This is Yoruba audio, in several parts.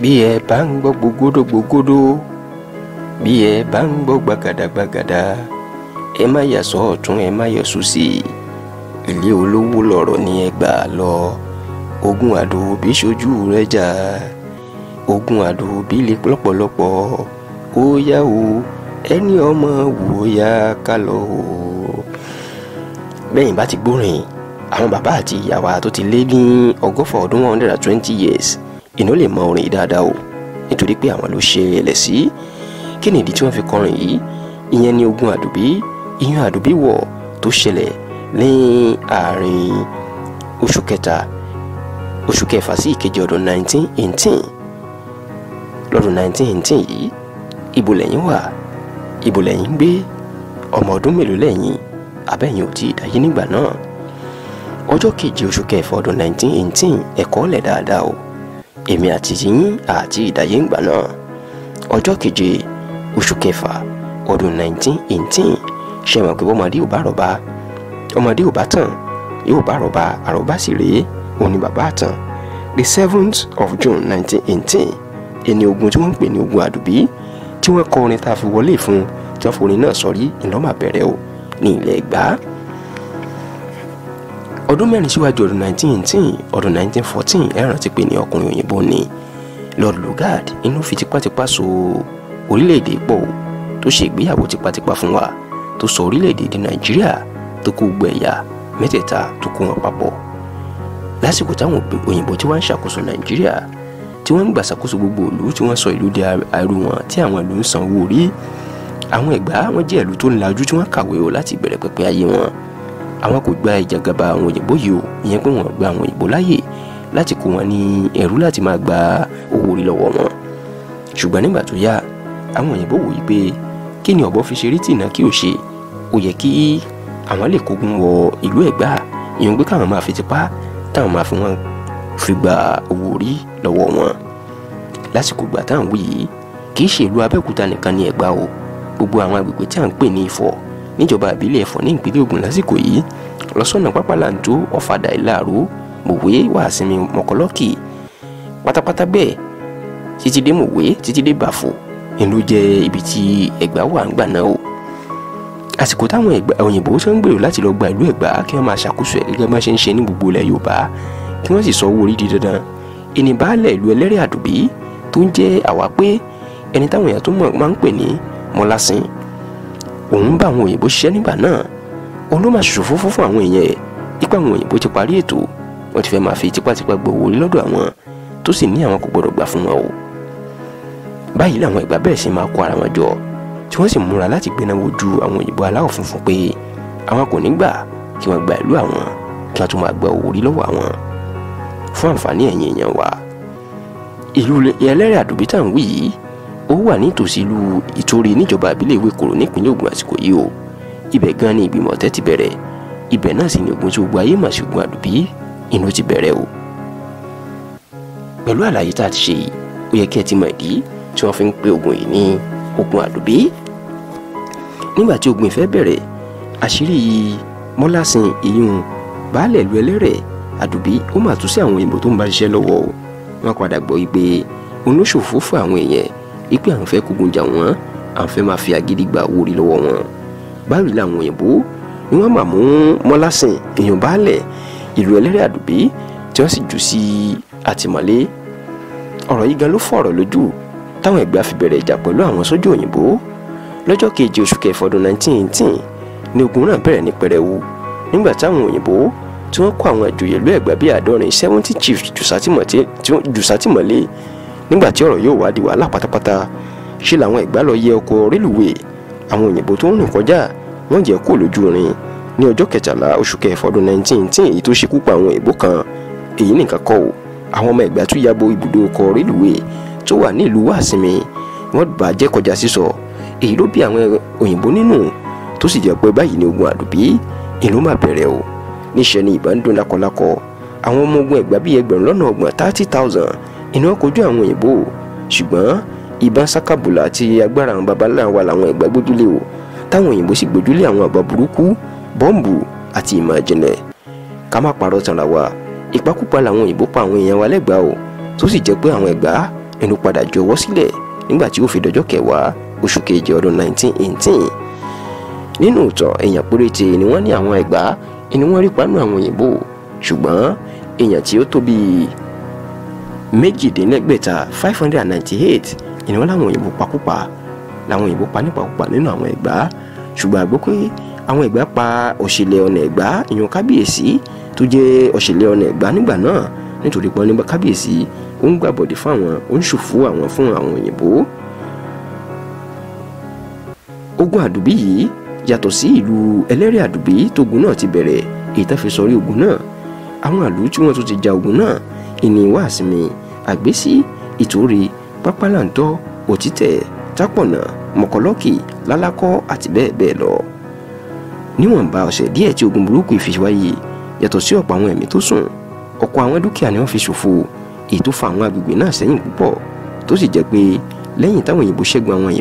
bí ẹ bá ń gbọ́ gbogodò gbogodò bí ẹ bá ń gbọ́ gbàgàdàgbàgàdà ẹ má yà sọ ọ̀tún ẹ má yà sùsì ilé olówó lọ̀rọ̀ ni ẹ gbà lọ ogun àdòbí ṣojú rẹ jà ogun àdòbí le lọ́pọ̀lọpọ̀ ó yá o ẹni ọmọ wò ó yá ká lọ o bẹ́yìn bá ti gbórin àwọn bàbá àti ìyá tó ti lé ní ọgọ́fà ọdún one hundred and twenty years èèyàn lè mọ orin yìí dáadáa o nítorí pé àwọn ló ṣe ẹlẹ̀ sí kí ni ìdí tí wọ́n fi kọrin yìí ìyẹn ni ogun àdùbí ìyẹn àdùbí wọ̀ tó ṣẹlẹ̀ ní àárín oṣù kẹta oṣù kẹfà sí ìkeje ọdún 1918 lọ́dún 1918 yìí ibo lẹ́yìn wà ibo lẹ́yìn gbé ọmọ ọdún mélòó lẹ́yìn abẹ́yìn ò tí ì dáyé nígbà náà ọjọ́ keje oṣù kẹfà ọdún 1918 ẹ̀kọ́ lẹ̀ dáadáa o èmi àti yín àti ìdáyé ìgbà náà ọjọ́ keje oṣù kẹfà ọdún 1918 ṣe mọ̀ pé ọmọdé ò bá rọ̀bá ọmọdé ò bá tàn yóò bá rọ̀bá àrọ̀bá sì rèé òun bàbá àtàn the seventh of June 1918 ẹni ogun tí wọ́n ń pè ní ogun àdùbí tí wọ́n kọ orin tá a fi wọlé fún tí wọ́n forin náà sọrí ìlọ́mà bẹ̀rẹ̀ o ní ilẹ̀ Ẹ̀gbá ọdún mẹ́rin síwájú ọdún 1918 ọdún 1914 ẹ rántí pé ní ọkùnrin òyìnbó ni Lord Lugard inú fi tipátipá so orílẹ̀-èdè pọ̀ tó ṣe ìgbéyàwó tipátipá fún wa tó sọ orílẹ̀-èdè di Nàìjíríà tó kó gbogbo ẹ̀yà mẹ́tẹ̀ẹ̀ta tó kó wọn papọ̀ lásìkò táwọn òyìnbó tí wọ́n ń ṣàkóso Nàìjíríà tí wọ́n ń gbàṣàkóso gbogbo ìlú tí wọ́n sọ ìlú di àìrú wọn tí àwọn ìlú ń san owó orí àwọn Ẹ̀gbá wọ́n jẹ́ ìlú tó ń lajú tí wọ́n kàwé o láti ìbẹ̀rẹ̀ pẹ̀pẹ̀ ayé wọn àwọn kò gba ìjàgàba àwọn òyìnbó yìí o ìyẹn pé wọ́n gba àwọn òyìnbó láàyè láti kó wọn ní ẹ̀rú láti máa gba owó orí lọ́wọ́ wọn ṣùgbọ́n nígbà tó yá àwọn òyìnbó wò yí pé kí ni ọ̀bọ fi ṣe rí tìǹà kí ò ṣe ó yẹ kí àwọn lè kógun wọ ìlú Ẹ̀gbá ìyẹn pé káwọn máa fi tipá táwọn máa fi wọn fi gba owó orí lọ́wọ́ wọn lásìkò ìgbà táwọn wí yìí kì í ṣe ìlú Abẹ́òkúta nìkan ní Ẹ̀gbá o gbogbo àwọn agbègbè tí à ń pè ní Ifọ̀ níjọba àbílẹ̀ ẹ̀fọ́ ní ìpínlẹ̀ Ògùn lásìkò yìí lọ́sọ̀nà pápálàǹtó ọ̀fadà ìlàró mòwe wàásìmí mọ̀kọ́lọ́kì pátápátá bẹ́ẹ̀ títí dé mòwe títí dé bàfò ni ló jẹ́ ibi tí ẹ̀gbá wà ń gbà náà o àsìkò táwọn òyìnbó ṣe ń gbèrò láti lọ gba ìlú ẹ̀gbá kí wọ́n máa ṣàkóso ẹ̀ gẹ́gẹ́ bá ṣe ń ṣe ní gbogbo ilẹ̀ Yorùbá kí wọ́n sì sọ owó orí di dandan ẹni baálẹ̀ ìlú ẹlẹ́rìí àdùbí tó ń jẹ́ àwápé ẹni táwọn èèyàn tó máa ń pè ní mọ́lásìn òun bá àwọn òyìnbó ṣiṣẹ́ nígbà náà òun ló máa ṣòfò fún àwọn èèyàn ipa àwọn òyìnbó ti parí ètò wọ́n ti fẹ́ máa fi tipátipá gbowó orí lọ́dọ̀ àwọn tó sì ní àwọn kò gbọdọ̀ gbà fún wọn o báyìí làwọn ìgbà bẹ́ẹ̀ sì máa kó ara wọn jọ tí wọ́n sì múra láti gbéná wojú àwọn òyìnbó aláwọ̀ funfun pé àwọn kò ní gbà kí wọ́n gba ìlú àwọn kí wọ́n tún máa gba ó wà nítòsí ìlú ìtòrí níjọba àbílẹ̀ ìwékòrò nípínlẹ̀ Ògùn àsìkò yìí o ibẹ̀ gan ni ìgbìmọ̀ ọ̀tẹ̀ ti bẹ̀rẹ̀ ibẹ̀ náà sì ni ogun tí gbogbo ayé mà sí ogun àdùbí inú ti bẹ̀rẹ̀ o. pẹ̀lú àlàyé tá a ti ṣe yìí ó yẹ kí ẹ ti mọ ìdí tí wọ́n fi ń pe ogun yìí ní ogun àdùbí. nígbà tí ogun ìfẹ́ bẹ̀rẹ̀ àṣírí mọ́lásìn ìyún baálẹ̀ ìlú ẹlẹ́rẹ̀ àdùbí ó mà tún sí àwọn òyìnbó tó ń bá ṣiṣẹ́ lọ́wọ́ o padà gbọ́ yìí pé àwọn èèyàn ipe àwọn fẹ́ kógun jà wọ́n àwọn fẹ́ máa fi agídí gba owó rí lọ́wọ́ wọn báyìí làwọn òyìnbó ni wọ́n máa mú mọ́lásìn èèyàn baálẹ̀ ìlú ẹlẹ́rìí àdùbí tí wọ́n sì jù sí àtìmọ́lé ọ̀rọ̀ yìí gan ló fọ́ ọ̀rọ̀ lójú táwọn ẹ̀gbá fi bẹ̀rẹ̀ ìjà pẹ̀lú àwọn sójú òyìnbó lọ́jọ́ keje oṣù kẹfà ọdún 1918 ni ogun náà bẹ̀rẹ̀ ní pẹrẹwu nígbà táwọn òyìnbó tí wọ́n kó àwọn ìjòyè ìlú bíi àádọ́rin seventy chiefs jù sátìmọ́lé nígbà tí ọ̀rọ̀ yóò wá di wàhálà pátápátá ṣe làwọn ìgbà lọ yẹ ọkọ̀ rélùwéè àwọn òyìnbó tó ń rìn kọjá wọ́n jẹ́ kó lójú rin ní ọjọ́ kẹtàlá oṣù kẹfà ọdún 19 tí èyí tó ṣekú pa àwọn èèbó kan èyí nìkan kọ́ ò àwọn ọmọ ìgbà tún yabo ibùdó ọkọ̀ rélùwéè tó wà ní ìlú wàsinmi wọ́n bà jẹ́ kọjá sísọ èyí ló bí àwọn òyìnbó nínú tó sì jẹ́ pé báyìí ni ogun àdùbí ìlú máa bẹ̀rẹ̀ o níṣẹ́ ni ìbá ń dún lákọlákọ àwọn ọmọ ogun ẹ̀gbá bíi ẹgbẹ̀rún lọ́nà ọgbọ̀n thirty thousand iná kojú àwọn òyìnbó ṣùgbọ́n ìbọn sakabula àti agbára àwọn babalá wa làwọn ẹ̀gbá gbójúlé o táwọn òyìnbó sì gbójúlé àwọn àbá burúkú bọ́ǹbù àti ìmọ̀ ìjìnlẹ̀ ká má parọ́ tanra wa ìpakúpa làwọn òyìnbó pa àwọn èèyàn wa lẹ́gbàá o tó sì jẹ́ pé àwọn ẹ̀gbá ẹnu padà ju ọwọ́ sílẹ̀ nígbà tí ó fi dọjọ́ kẹwàá oṣù keje ọdún 1918 nínú ìtàn èèyàn péréte ni wọ́n ní àwọn ẹ̀gbá ni wọ́n rí pánú àwọn òyìnbó ṣùgbọ́n èèyàn tí ó tó méjìdínlẹ́gbẹ̀ta five hundred and ninety eight ni wọ́n láwọn òyìnbó pakúpa làwọn òyìnbó pa nípakúpa nínú àwọn Ẹ̀gbá ṣùgbọ́n àgbọ́ pé àwọn Ẹ̀gbá pa Ọ̀ṣẹ̀lẹ̀ ọ̀nà Ẹ̀gbá ìyọ̀n kábíyèsí tó jẹ́ Ọ̀ṣẹ̀lẹ̀ ọ̀nà Ẹ̀gbá nígbà náà nítorí pọ́n nígbà kábíyèsí ó ń gbàbọ̀dé fáwọn ó ń ṣòfò àwọn fún àwọn òyìnbó. ogun àdùbí yìí yàtọ̀ sí ìlú ẹlẹ́rìí àdùbí tógun náà ti bẹ̀rẹ̀ èyí tá fi sọrí ogun náà àwọn àlù tí wọ́n tún ti ja ogun náà ìní wàásìmì àgbésí ìtòrí pápálàńtọ́ òtítẹ̀ tápọ̀nà mọ̀kọ́lọ́kì lálákọ́ àti bẹ́ẹ̀ bẹ́ẹ̀ lọ. níwọ̀nba ọ̀sẹ̀ díẹ̀ tí ogun burúkú fi yàtọ̀ sí ọ̀pọ̀ àwọn ẹ̀mí tó sùn ọ̀pọ̀ àwọn dúkìá ni wọ́n fi ṣòfò èyí tó fa àwọn agbègbè náà sẹ́yìn púpọ̀ tó sì jẹ́ pé lẹ́yìn táwọn òyìnbó ṣẹ́gun àwọn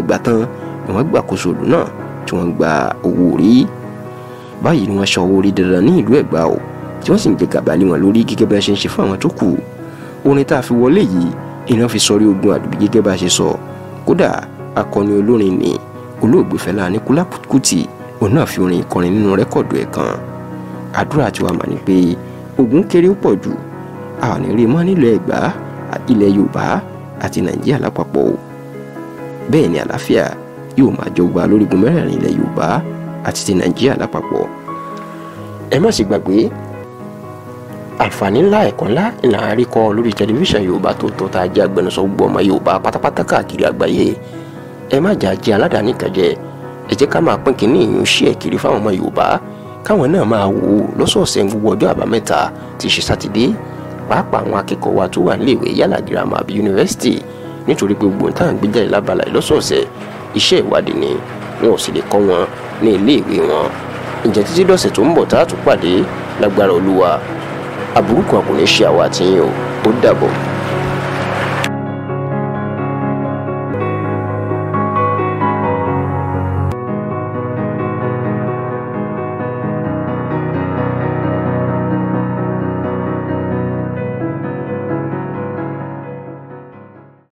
ẹ̀gbà tán ni wọ́n gbàkóso ìlú náà tí wọ́n gba owó orí báyìí ni wọ́n ṣọ owó orí dandan ní ìlú ẹ̀gbá o tí wọ́n sì ń gbé gàba lé wọn lórí gẹ́gẹ́ bí a ṣe ń ṣe fún àwọn tó kù orin tá a fi wọlé yìí iná fi sọrí ogun àdùbí gẹ́gẹ́ bá a ṣe sọ kódà akọni olórin ni olóògbé Fẹlá Aníkúlápó Kútì òun náà fi orin ìkọrin nínú rẹ́kọ̀dù ẹ̀ kan àdúrà tiwa mà ní pé ogun kéré pọ̀ jù a ò ní rí mọ́ nílẹ̀ Ẹ̀gbá ilẹ̀ Yorùbá àti Nàìjíríà lápapọ̀ bẹ́ẹ̀ ni àlàáfíà yóò máa jọgba lórígun mẹ́rẹ̀ẹ̀rin ilẹ̀ Yorùbá àti ti Nàìjíríà lápapọ̀ ẹ má ṣe gbàgbé àǹfààní ńlá ẹ̀kọ́ ńlá ìlà àríkọ lórí tẹlifíṣàn yorùbá tó tọ́ tá a jẹ́ agbẹnusọ gbogbo ọmọ yorùbá pátápátá káàkiri àgbáyé ẹ má jà jẹ́ aládàáni kẹjẹ ẹ jẹ́ ká máa pín kínní ìyún ẹ̀ kiri fáwọn ọmọ yorùbá káwọn náà máa wò ó lọ́sọ̀ọ̀sẹ̀ gbogbo ọjọ́ àbámẹ́ta ti ṣe sátidé pàápàá àwọn akẹ́kọ̀ọ́ wa tó wà níléèwé yálà girama àbí yunifásitì nítorí pé gbogbo nǹkan àgbéjáde lábala ìlọ́sọ̀ọ̀sẹ̀ iṣẹ́ ni wọn ò sì lè kọ́ wọn ní iléèwé wọn ìjẹ́ aburú kan kò ní ṣe àwa àtìyìn o ó dàbọ̀.